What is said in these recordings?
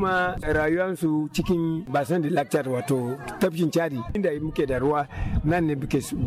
cimma rayuwarsu cikin basan da lakcar wato tafkin cari inda muke da ruwa nan ne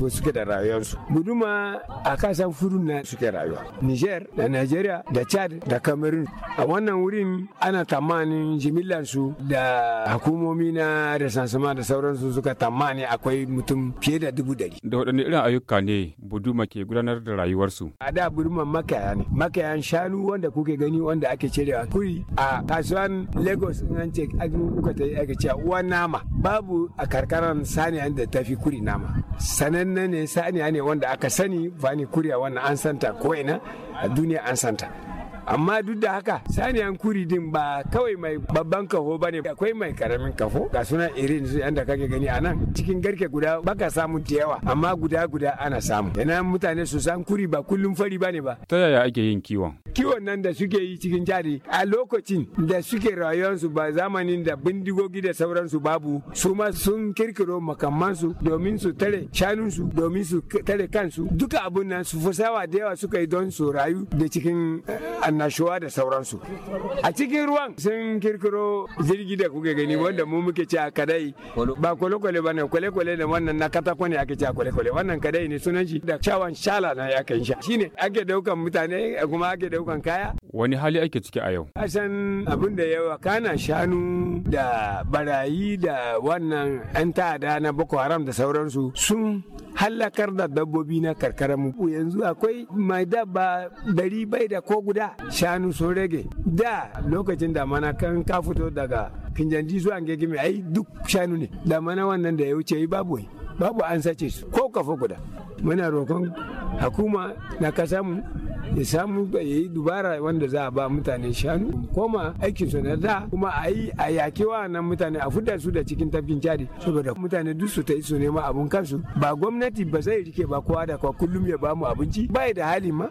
suke da rayuwarsu guduma a kasan furun na suke rayuwa niger da nigeria da chad da cameroon a wannan wurin ana tamanin jimillansu da hukumomi na da da sauransu suka tamani akwai mutum fiye da dubu dari da waɗanne irin ayyuka ne buduma ke gudanar da rayuwarsu a da buduma makaya ne makayan shanu wanda kuke gani wanda ake cirewa kuri a kasuwan lagos lagos in an ce muka ta aka cewa uwa nama babu a karkaran saniya da ta fi kuri nama sanannen ne saniya ne wanda aka sani bani kuriya wannan an santa ko ina a duniya an santa amma duk da haka saniyan kuri din ba kawai mai babban kafo ne. akwai mai karamin kafo ga sunan irin su yanda kake gani a nan cikin garke guda baka samu da yawa amma guda guda ana samu yana mutane su san kuri ba kullum fari ba ne ba ta yaya ake yin kiwon kiwon nan da suke yi cikin jari a lokacin da suke rayuwarsu ba zamanin da bindigogi da sauransu babu su ma sun kirkiro makamansu domin su tare shanunsu domin su tare kansu duka abun nan su fusawa da yawa suka yi don su rayu da cikin eh, annashuwa da sauransu a cikin ruwan sun kirkiro jirgi da kuke gani wanda mu muke ci a kadai ba kwale-kwale ba ne kwale-kwale ne wannan na katako ne ake ci a kwale-kwale wannan kadai ne sunan shi da cawan shala na ya kan sha shine ake daukan mutane eh, kuma ake daukan ɗaukan kaya. Wani hali ake ciki a yau? Asan abin da yawa kana shanu da barayi da wannan 'yan ta'ada na Boko Haram da sauransu sun hallakar da dabbobi na karkara mu yanzu akwai mai dabba dari bai da ko guda shanu sun rage da lokacin mana kan ka fito daga kinjanji zuwa gegime ai duk shanu ne mana wannan da ya wuce babu babu an sace su ko kafa guda muna roƙon hakuma na kasa mu ya samu ya yi dubara wanda za a ba mutane shanu koma aikin su na da kuma a yi a yaki nan mutane a fudda su da cikin tafkin cari saboda mutane duk su ta yi su nema abun kansu ba gwamnati ba zai rike ba kowa da kwa kullum ya bamu abinci ba da hali ma.